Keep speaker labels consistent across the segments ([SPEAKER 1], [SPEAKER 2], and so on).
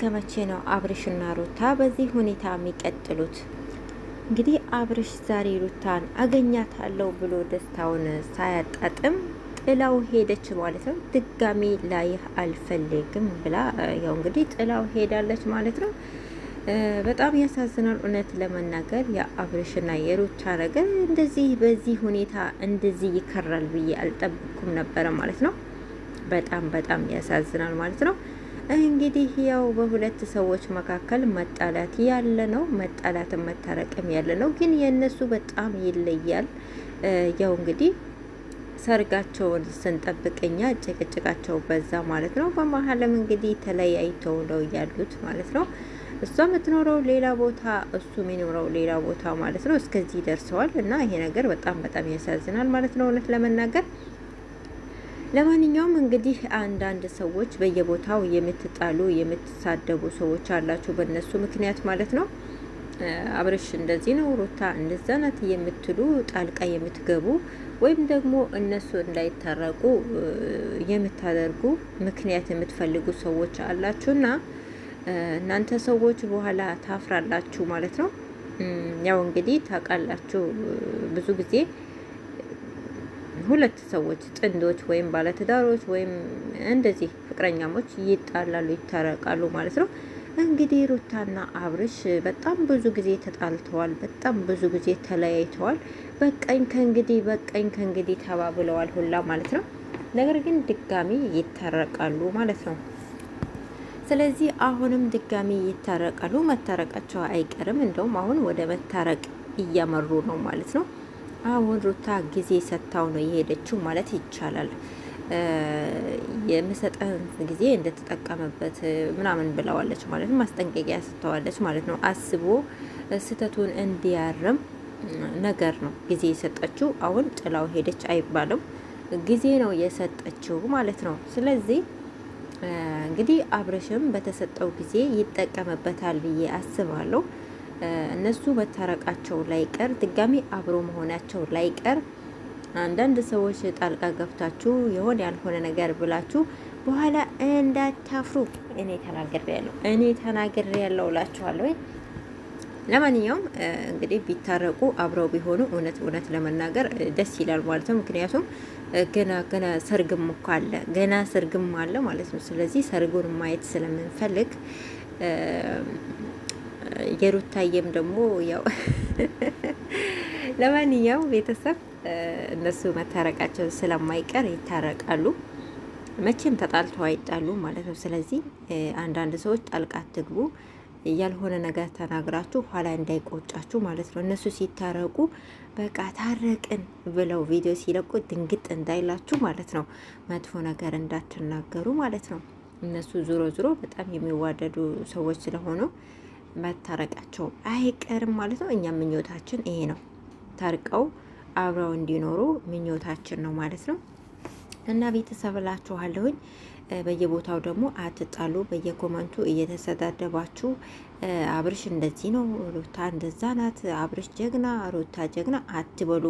[SPEAKER 1] ከመቼ ነው አብርሽና ሩታ በዚህ ሁኔታ የሚቀጥሉት? እንግዲህ አብርሽ ዛሬ ሩታን አገኛታለሁ ብሎ ደስታውን ሳያጣጥም ጥላው ሄደች ማለት ነው። ድጋሚ ላይህ አልፈልግም ብላ ያው እንግዲህ ጥላው ሄዳለች ማለት ነው። በጣም ያሳዝናል። እውነት ለመናገር የአብርሽና የሩታ ነገር እንደዚህ በዚህ ሁኔታ እንደዚህ ይከራል ብዬ አልጠብኩም ነበረ ማለት ነው። በጣም በጣም ያሳዝናል ማለት ነው። እንግዲህ ያው በሁለት ሰዎች መካከል መጣላት ያለ ነው፣ መጣላትን መታረቅም ያለ ነው። ግን የእነሱ በጣም ይለያል። ያው እንግዲህ ሰርጋቸውን ስንጠብቀኛ ጭቅጭቃቸው በዛ ማለት ነው። በመሀልም እንግዲህ ተለያይተው ነው ያሉት ማለት ነው። እሷ የምትኖረው ሌላ ቦታ፣ እሱ የሚኖረው ሌላ ቦታ ማለት ነው። እስከዚህ ደርሰዋል እና ይሄ ነገር በጣም በጣም ያሳዝናል ማለት ነው እውነት ለመናገር ለማንኛውም እንግዲህ አንዳንድ ሰዎች በየቦታው የምትጣሉ የምትሳደቡ ሰዎች አላቸው፣ በእነሱ ምክንያት ማለት ነው። አብርሽ እንደዚህ ነው፣ ሩታ እንደዛ ናት የምትሉ ጣልቃ የምትገቡ ወይም ደግሞ እነሱ እንዳይታረቁ የምታደርጉ ምክንያት የምትፈልጉ ሰዎች አላችሁና እናንተ ሰዎች በኋላ ታፍራላችሁ ማለት ነው። ያው እንግዲህ ታውቃላችሁ ብዙ ጊዜ ሁለት ሰዎች ጥንዶች ወይም ባለትዳሮች ወይም እንደዚህ ፍቅረኛሞች ይጣላሉ፣ ይታረቃሉ ማለት ነው። እንግዲህ ሩታና አብርሽ በጣም ብዙ ጊዜ ተጣልተዋል። በጣም ብዙ ጊዜ ተለያይተዋል። በቀኝ ከእንግዲህ በቀኝ ከእንግዲህ ተባብለዋል ሁላ ማለት ነው። ነገር ግን ድጋሚ ይታረቃሉ ማለት ነው። ስለዚህ አሁንም ድጋሚ ይታረቃሉ። መታረቃቸው አይቀርም። እንደውም አሁን ወደ መታረቅ እያመሩ ነው ማለት ነው። አሁን ሩታ ጊዜ ሰጥታው ነው የሄደችው ማለት ይቻላል። የምሰጠን ጊዜ እንደተጠቀመበት ምናምን ብለዋለች ማለት ነው። ማስጠንቀቂያ ሰጥተዋለች ማለት ነው። አስቦ ስህተቱን እንዲያርም ነገር ነው ጊዜ የሰጠችው። አሁን ጥላው ሄደች አይባልም። ጊዜ ነው የሰጠችው ማለት ነው። ስለዚህ እንግዲህ አብረሽም በተሰጠው ጊዜ ይጠቀምበታል ብዬ አስባለሁ። እነሱ በታረቃቸው ላይቀር ድጋሚ አብሮ መሆናቸው ላይቀር አንዳንድ ሰዎች ጣልቃ ገብታችሁ የሆነ ያልሆነ ነገር ብላችሁ በኋላ እንዳታፍሩ። እኔ ተናግሬ ያለው እኔ ተናግሬ ያለው እላችኋለሁ። ለማንኛውም እንግዲህ ቢታረቁ አብረው ቢሆኑ እውነት እውነት ለመናገር ደስ ይላል ማለት ነው። ምክንያቱም ገና ገና ሰርግም እኮ አለ፣ ገና ሰርግም አለ ማለት ነው። ስለዚህ ሰርጉን ማየት ስለምንፈልግ የሩታዬም ደግሞ ያው ለማንኛው ቤተሰብ እነሱ መታረቃቸው ስለማይቀር ይታረቃሉ። መቼም ተጣልተው አይጣሉ ማለት ነው። ስለዚህ አንዳንድ ሰዎች ጣልቃ አትግቡ፣ ያልሆነ ነገር ተናግራችሁ ኋላ እንዳይቆጫችሁ ማለት ነው። እነሱ ሲታረቁ በቃ ታረቅን ብለው ቪዲዮ ሲለቁ ድንግጥ እንዳይላችሁ ማለት ነው። መጥፎ ነገር እንዳትናገሩ ማለት ነው። እነሱ ዞሮ ዞሮ በጣም የሚዋደዱ ሰዎች ስለሆኑ መታረቃቸው አይቀርም ማለት ነው። እኛም ምኞታችን ይሄ ነው። ታርቀው አብረው እንዲኖሩ ምኞታችን ነው ማለት ነው። እና ቤተሰብ እላችኋለሁኝ በየቦታው ደግሞ አትጣሉ። በየኮመንቱ እየተሰዳደባችሁ አብርሽ እንደዚህ ነው፣ ሩታ እንደዛ ናት፣ አብርሽ ጀግና፣ ሩታ ጀግና አትበሉ።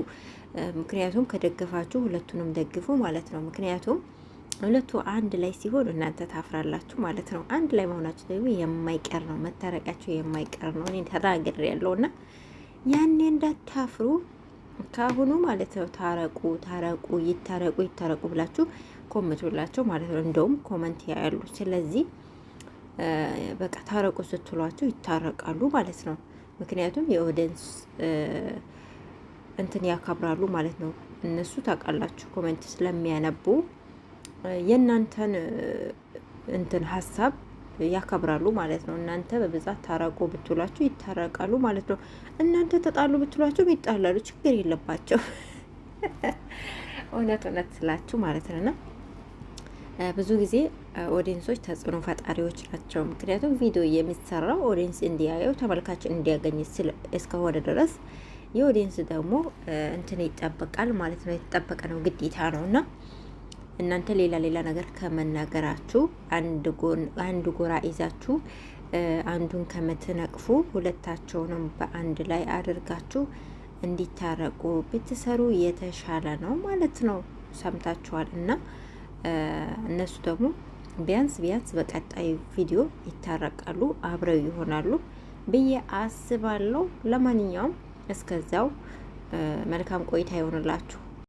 [SPEAKER 1] ምክንያቱም ከደገፋችሁ ሁለቱንም ደግፉ ማለት ነው። ምክንያቱም ሁለቱ አንድ ላይ ሲሆን እናንተ ታፍራላችሁ ማለት ነው። አንድ ላይ መሆናችሁ ደግሞ የማይቀር ነው፣ መታረቃቸው የማይቀር ነው። እኔ ተናገር ያለው እና ያኔ እንዳታፍሩ ካሁኑ ማለት ነው። ታረቁ ታረቁ ይታረቁ ይታረቁ ብላችሁ ኮምቱላቸው ማለት ነው። እንደውም ኮመንት ያያሉ። ስለዚህ በቃ ታረቁ ስትሏቸው ይታረቃሉ ማለት ነው። ምክንያቱም የኦደንስ እንትን ያከብራሉ ማለት ነው። እነሱ ታውቃላችሁ ኮመንት ስለሚያነቡ የእናንተን እንትን ሀሳብ ያከብራሉ ማለት ነው። እናንተ በብዛት ታረቁ ብትሏቸው ይታረቃሉ ማለት ነው። እናንተ ተጣሉ ብትሏቸውም ይጣላሉ። ችግር የለባቸው። እውነት እውነት ስላችሁ ማለት ነውና ብዙ ጊዜ ኦዲንሶች ተጽዕኖ ፈጣሪዎች ናቸው። ምክንያቱም ቪዲዮ የሚሰራው ኦዲንስ እንዲያየው ተመልካች እንዲያገኝ እስከሆነ ድረስ የኦዲንስ ደግሞ እንትን ይጠበቃል ማለት ነው። የተጠበቀ ነው፣ ግዴታ ነው እና እናንተ ሌላ ሌላ ነገር ከመናገራችሁ አንድ ጎራ ይዛችሁ አንዱን ከምትነቅፉ ሁለታቸውንም በአንድ ላይ አድርጋችሁ እንዲታረቁ ብትሰሩ የተሻለ ነው ማለት ነው። ሰምታችኋል። እና እነሱ ደግሞ ቢያንስ ቢያንስ በቀጣይ ቪዲዮ ይታረቃሉ፣ አብረው ይሆናሉ ብዬ አስባለሁ። ለማንኛውም እስከዛው መልካም ቆይታ ይሆንላችሁ።